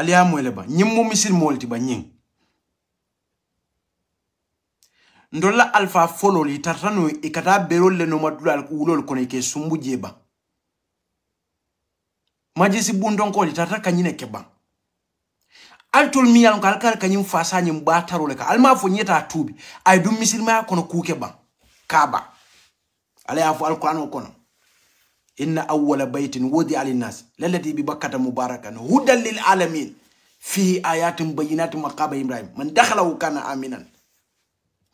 ali ya mwele ba ñim mo misil molti ba ñing ndolla alfa folo li tatanu ikata berol le no madula al kulo wulol kone ike sumbu jeba majisi bundonkol yitarta kañine ke ban altol miyal ko alkal kañum fasañum batarole ka alma fo ñeta tuubi ay du dum misilmaya kono kuke ba kaba ala ya fo alquran kono إن أول بيت وضع للناس للذي ببكة مباركا هدى للعالمين في آيات بينات مقام إبراهيم من دخله كان آمنا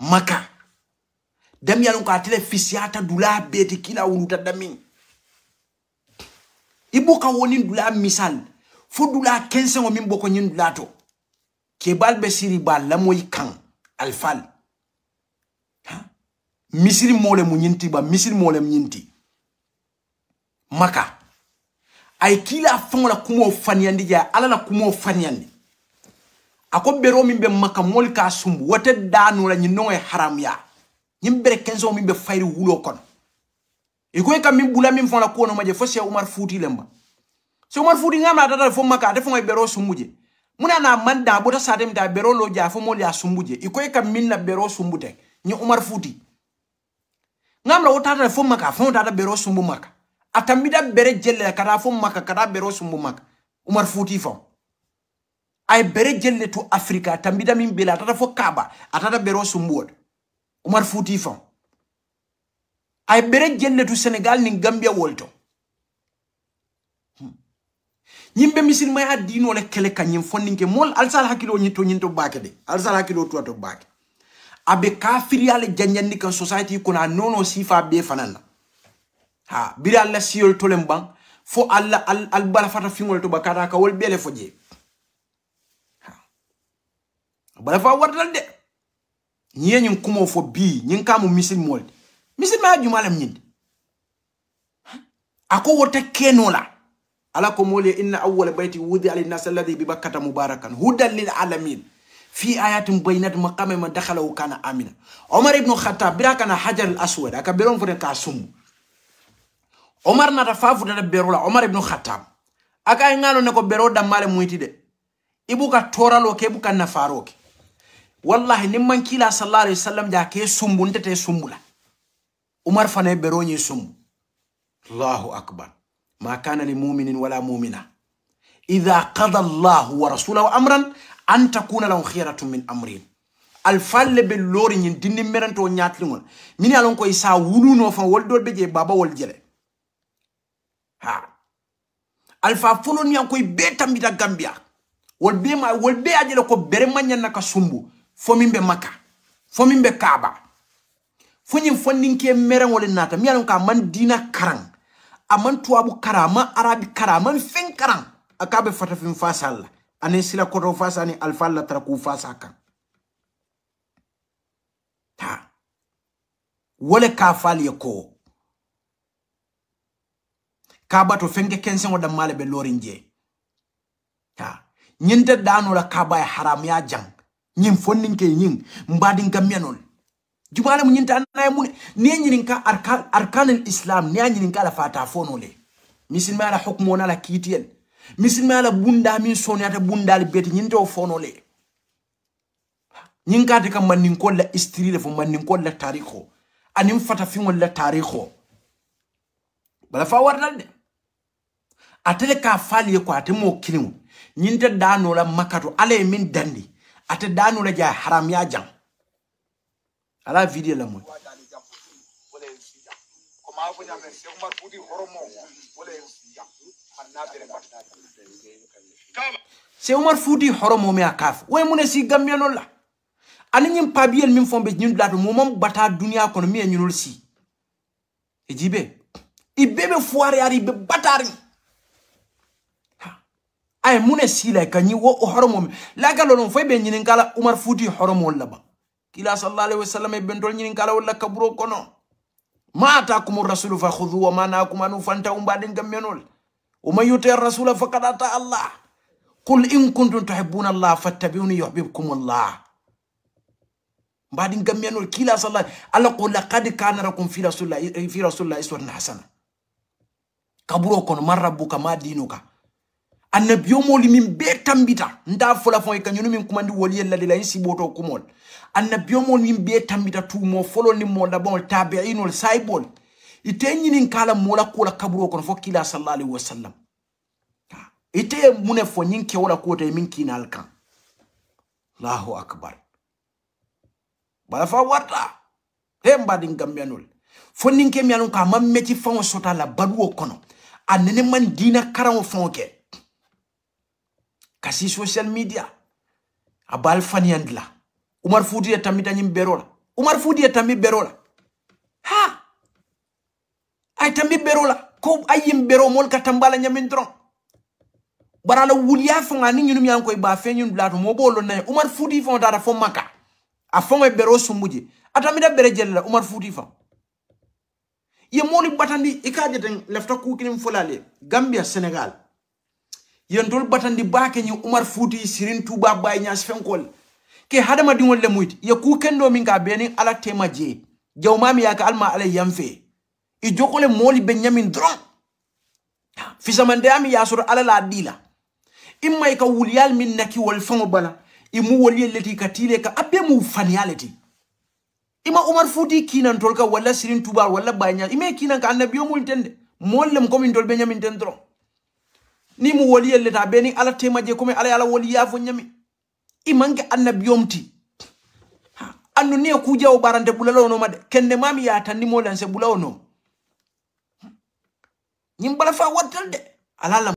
مكة دم يالون قاتل في سياتا دولا بيت كلا ونوتا دمين ibu ka دولا مثال misal fo dula kense wo min boko nyin dula to ke bal be siri bal la moy مصر alfal ha misiri maka ay kila fango la kumo faniyandi ja ala la kumo faniyandi ako bero min be maka mol ka sumbu wote danu la nyino e haram ya nyim bere kenzo min be fayri wulo kon e ko kam min bula min fona ko no je fo se Umar Fouti lemba se Umar Fouti ngama data fo maka def ngoy bero sumbuje muna na man manda bota sadem da bero lo ja fo mol ya sumbuje e ko kam min na bero sumbute ni Umar Fouti ngamra wotata fo maka fo data bero sumbu maka atamida bere jelle kada fo maka kada bero sumbu maka umar futi fa ay bere jelle to afrika atamida min bela atata fo kaba atata bero sumbu wad umar futi fa ay bere jelle to senegal ni gambia wolto hmm. nyimbe misilma dino le kele kanyim fonninke mol alsal hakilo nyito nyinto bake de alsal hakilo to to bake abe kafiri ale janjandi society kuna nono sifa be fanalla ha bira alla siol tolem ban fo alla al, al bala fata to bakata ka wol bele fo je bala fa wardal de ñiye ñin kumo fo bi ka kamu misil mol misil ma lam ñinde ako wota kenola ala ko mole inna awwal bayti wudi ali nas alladhi bi bakkata mubarakan hudan lil alamin fi آيات بينات مقام man دخله كان آمنا عمر بن الخطاب بلا كان حجر الأسود aswad فرن belon omar nata fa futata berola omar ibnu khattab aka ay e ngano ne ko bero dammale muyti de ibuka toralo ke buka nafaroke wallahi ni mankila sallallahu alaihi wasallam ja ke sumbu ndete sumbula umar fane bero ni sumbu allahu akbar ma kana li mu'minin wala mu'mina idha qada allahu wa rasulahu amran an takuna lahum khiyaratun min amrin alfalle be lori ni dinni meranto nyatlingol min e alon ko isa e wuluno fa woldo be je baba wol jele ha alfa fulon yan koy be tambita gambia wol be ma wol be ajele ko bere manyan naka sumbu fomin be maka fomin be kaaba fonyin fonnin ke meren wol nata miyan ka man dina karan aman tuwabu karama arabi karaman fen karan akabe fatafin fasalla ane sila koto fasa ni alfa la traku fasa kan ta wole ka fal ye ko kaba kabato fenge kensengo dammale ɓe lorin ta ha ñinde la kaba ya haram ya jang ñin ke nyim mbadin gammiyanol jubale mu nyinta nay mu ne nyirin ka arkan arkanel islam ne nyirin ka la fata fonole misin mala hukmu na la kiitiyel misin mala bunda min soniyata bundali beti nyinto fonole nyinka de kam manin ko la istri le fo manin ko la tariko anim anin fata fiŋol la tariko bala fa wartal de ate le ka fali ko ate mo kiliŋo ñiŋ te la makato ala ye miŋ dandi ate daano la jaa haramiya jaŋ ala video la moy se umar fuuti horomo me a kaaf mune si gambiyanol la ani ñiŋ pabiyel miŋ fombe ñiŋ dulaato mo maŋ bata duniya kono miŋ ye ñinol si e jibe i bee be fuwaariyaari i be bataariŋ ay mune sila kanyi wo o horomo la galo non fay e be nyinin kala umar futi horomo ba kila sallallahu alaihi wasallam e bentol nyinin kala wala kaburo kono ma atakum ar-rasul fa khudhu wa ma naakum an fanta fantaum badin gamenol o may yuti ar-rasul fa qad ata allah qul in kuntum tuhibbuna allah fattabi'uni yuhibbukum allah badin gamenol kila sallallahu ala qul laqad kana rakum fi rasulillah fi rasulillah iswatun hasana kaburo kono marabuka madinuka ma annabiyomolu min be tambita nda fola fon e kañunu min kumandi woli de la layin boto kumol annabiyomolu min be tambita tu tumo folol ni mo mondabaol tabiinol saybol ite ñinin kala mola kula kaburo kono fo kila sallah alayhi wa sallam ite mune fo ñin kewola kota e min kina kan allahu akbar bala fa wata he mbadin gambiyanol fo nin ke miyalon ko ka mammeti faŋo sota la baluwo kono a nene man dina karaŋo faŋo ke kasi social media abal fani andla umar fudi ya tammi nyim berola umar fudi ya tammi berola ha ay tammi berola ko ayim bero mol ka tambala nyamin dron barala wuliya fanga ni nyum yan koy ba fe ñun blato mo bolo na umar fudi fon dara fo maka a fonga bero sumuje atamida bere jella umar fudi fa ye moli batandi den lefta kukinim folale gambia senegal yon tol batandi bake ñi umar fuuti sirin tuba bay ñas fenkol ke hadama dingol le muyti ye ku kendo min ka benin ala tema je jawmami yaka alma alay yamfe i jokole moli be ñamin dron fisamande ami yasoro ala la dila immay ka wulyal min naki wol famo bala imu woli leti ka tile ka abbe mu faniyaleti ima umar fuuti kinan tol ka sirin tuba walla bay ñas ime kinan ka annabiyo mul tende mollem komin tol be ñamin ten dron ni mo woli leta be ni ala temaje kome ala ala woli fo nyami i annabiyomti andu ni e kuja o barante bulalo no made kende mami ya tandi mo lanse bulalo no hm. nyimbala fa watal de ala la